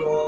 Oh,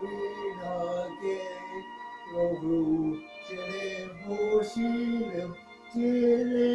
বিনাকে প্রভু ছেড়ে বসিলেন ছেলে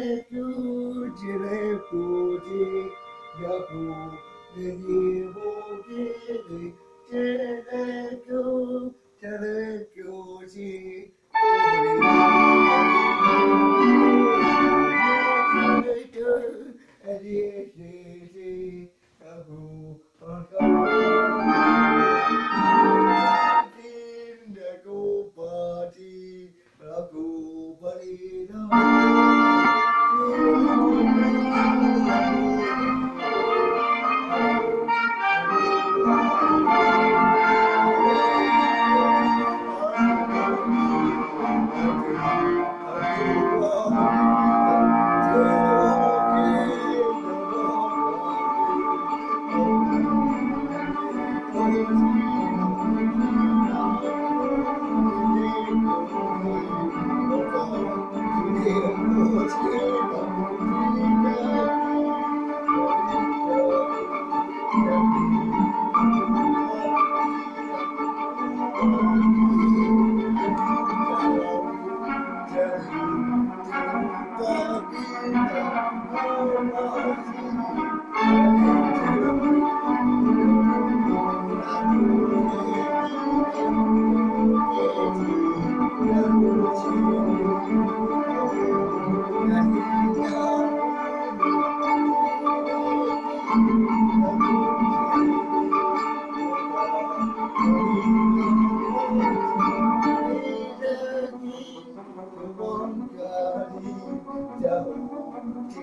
Música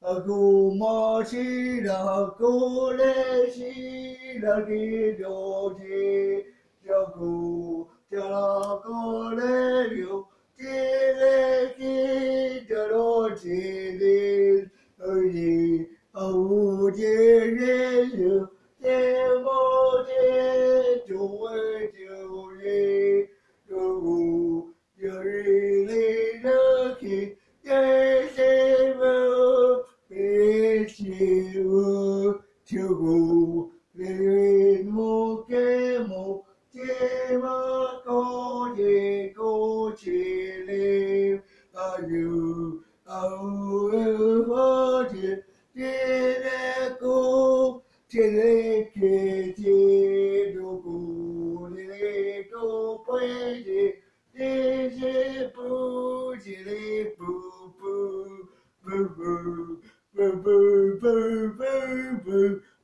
啊，多么凄凉！可怜凄凉的柔情，柔骨，将那可怜柔情的柔情的柔骨，啊，情的人，无情的无情的无情的人，无情的柔情。guru Virimu kemo tema koje koje le ayu au evaje tene ko tene ke te doku le ko pwede deje pu jile pu pu pu pu pu pu pu pu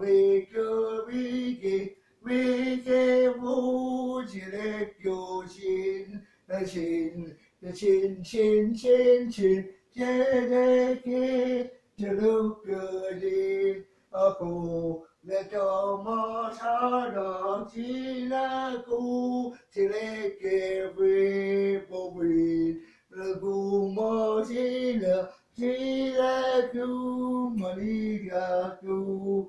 每个每天每个无尽的友情，亲亲亲亲亲亲，天天听这首歌的，哦，为了梦想的今天，为了给为朋友，为了梦想的，为了做努力去做。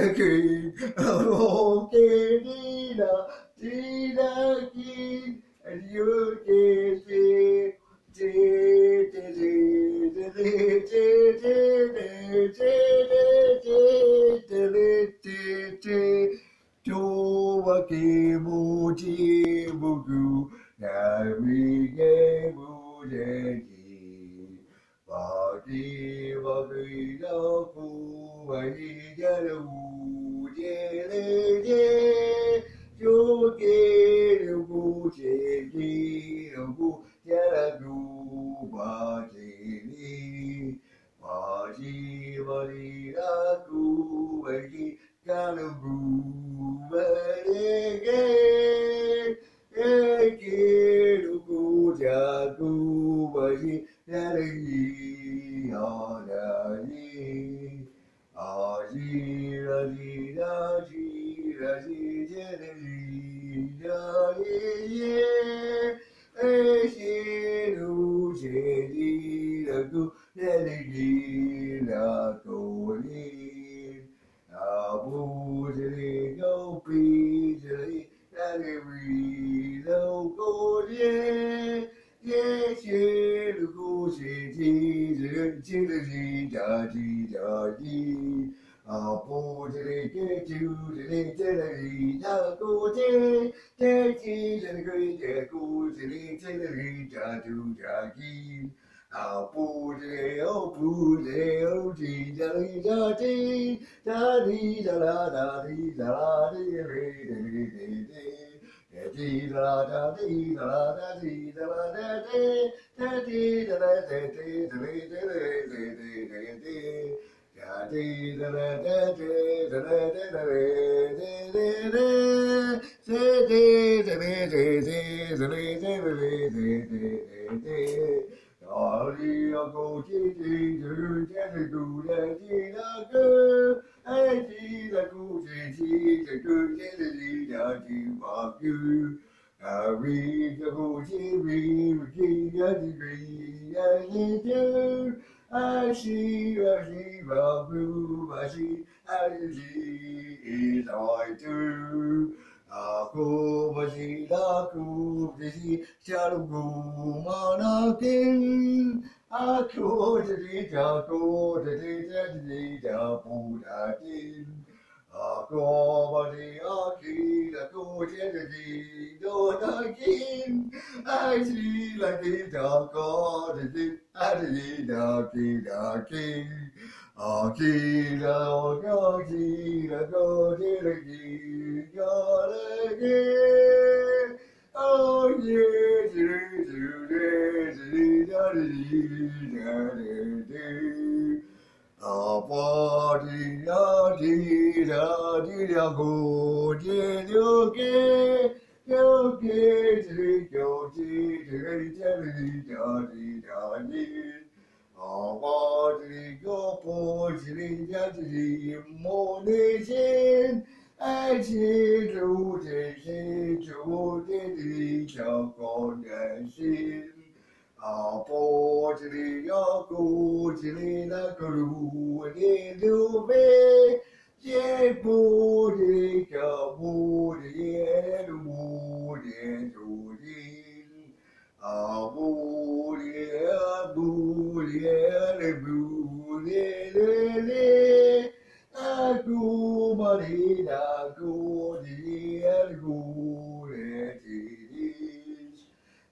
Jackie, oh, Katina, Tina King, and you did it. Towakimuji Bugu, Nami Gamu Jenny. 忘记我最要哭，忘记掉了不见的你，秋天的不见的不见的不把记忆，忘记我依然哭，忘记掉了不分离，一起的不见的忘记。叫你，叫你，叫你，叫你，叫你，叫你，哎！jadu jadi Apu de opu de oti da di da di da di da la da di da la di re de de de de di da la da di da la da di da la da de de di da la de de de de de de de de 呀，叽喳嘞，叽喳嘞，叽喳嘞，叽叽叽，叽叽喳嘞，叽叽喳嘞，叽叽叽，叽叽叽。老鹰要够轻灵，只见得主人轻拿轻放；爱情要够甜蜜，只见得你俩情话甜。老鹰要够轻灵，只见得你俩情话甜。Ashi, Ashi, Babu, Ashi, Ashi is I too. Aku, Ashi, Aku, Ashi, Shalugu, Manakin. Aku, Ashi, Aku, Ashi, Ashi, Ashi, Ashi, Ashi, Acomode achila tu cedi do dakin achila ti da code ti achila da ki da ki achila o ga ki da go ti da ki ga da ki oh ye ti ti ti ti da ti da ti 阿爸的呀，爹的呀，爹的苦爹留给留给子的兄弟，子的家的家的家的。阿爸的要父亲的家的母的心，爱情如天星，秋天的小姑娘心。啊，宝髻的呀，古吉里那格鲁的刘备，耶布的呀，布的耶，布的朱棣，啊，布的呀，布的呀，布的的的，啊，古马的呀，古的呀，古。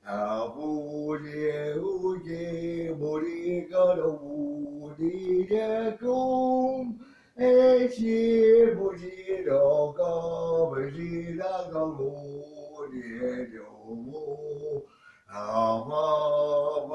아버지의 우리 머리가 우리의 꿈 애시부지러가 버지라가 우리의 영혼 아바바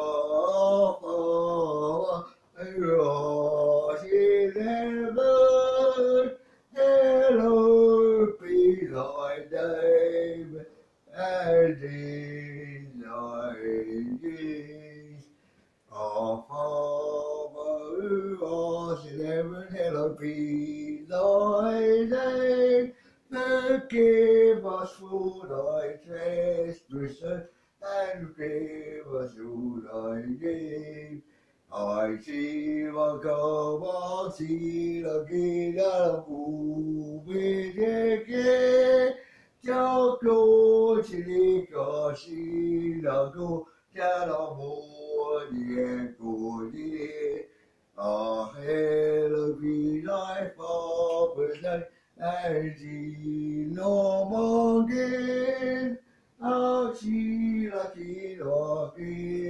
无边的给叫做起的高兴了都加了摩耶古耶啊嘿了比来法不来爱的罗摩根啊起了起了给。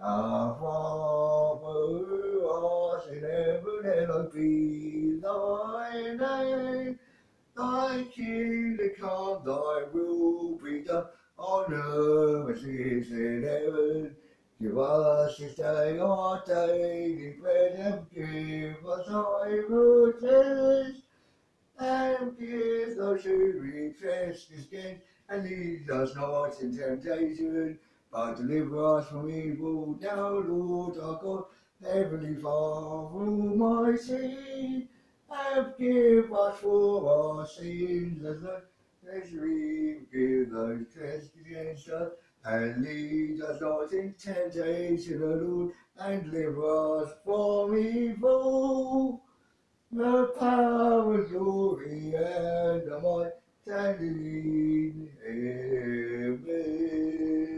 Ava Baru Asinebu Elohi, thy name, thy kingdom come, thy will be done on earth as it is in heaven. Give us this day our daily bread and give us our forgiveness and give those who repress us and lead us not in temptation but deliver us from evil now, Lord our God. Heavenly Father, almighty, forgive us for our sins as, the, as we forgive those trespass against us. And lead us not in temptation, O Lord, and deliver us from evil. The power, glory, and the might, and in heaven.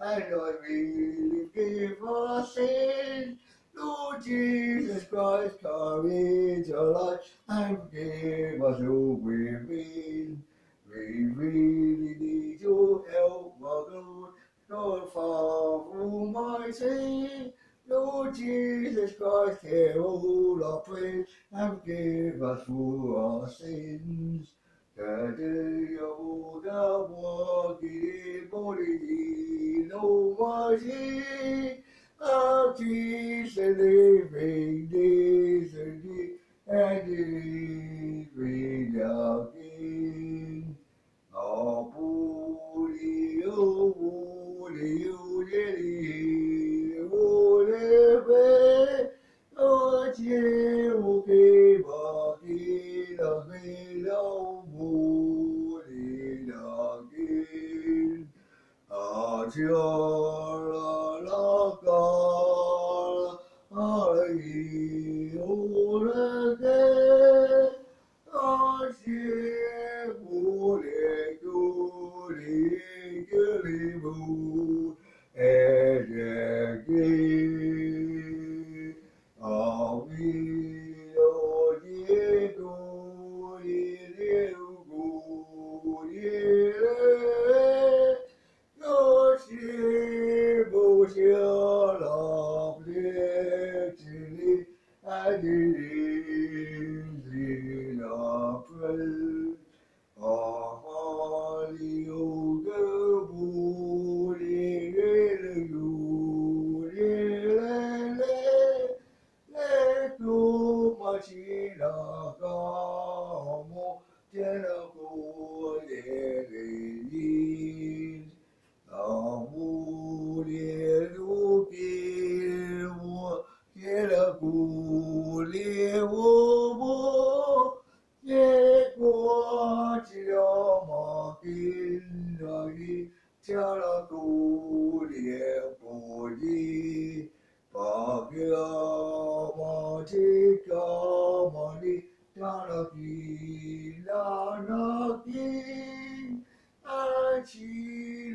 and I really give our sins. Lord Jesus Christ, come into life and give us all we need. We really need your help, my God, God Father Almighty. Lord Jesus Christ, hear all our prayers and give us all our sins. Kadir yolda vadi mori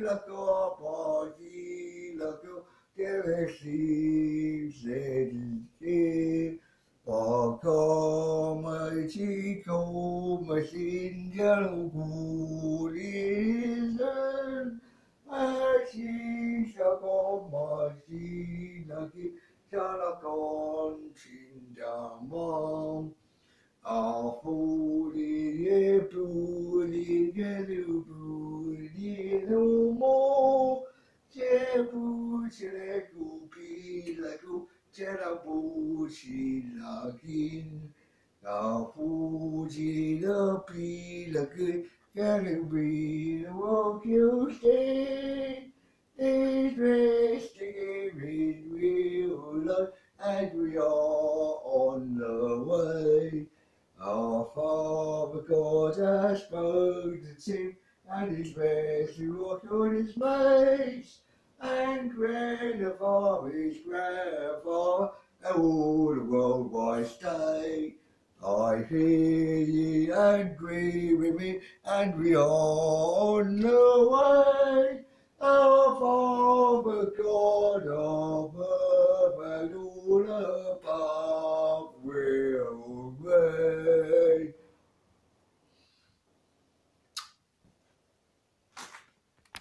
la tua pagina, che resti Won't you stay. Is resting we'll life, and we are on the way. Our Father God has spoken to and his ways to walk on his ways. And grandfather is grandfather, and all the world by state. I hear ye and agree with me, and we are on the way. Our Father God above, and all above will obey.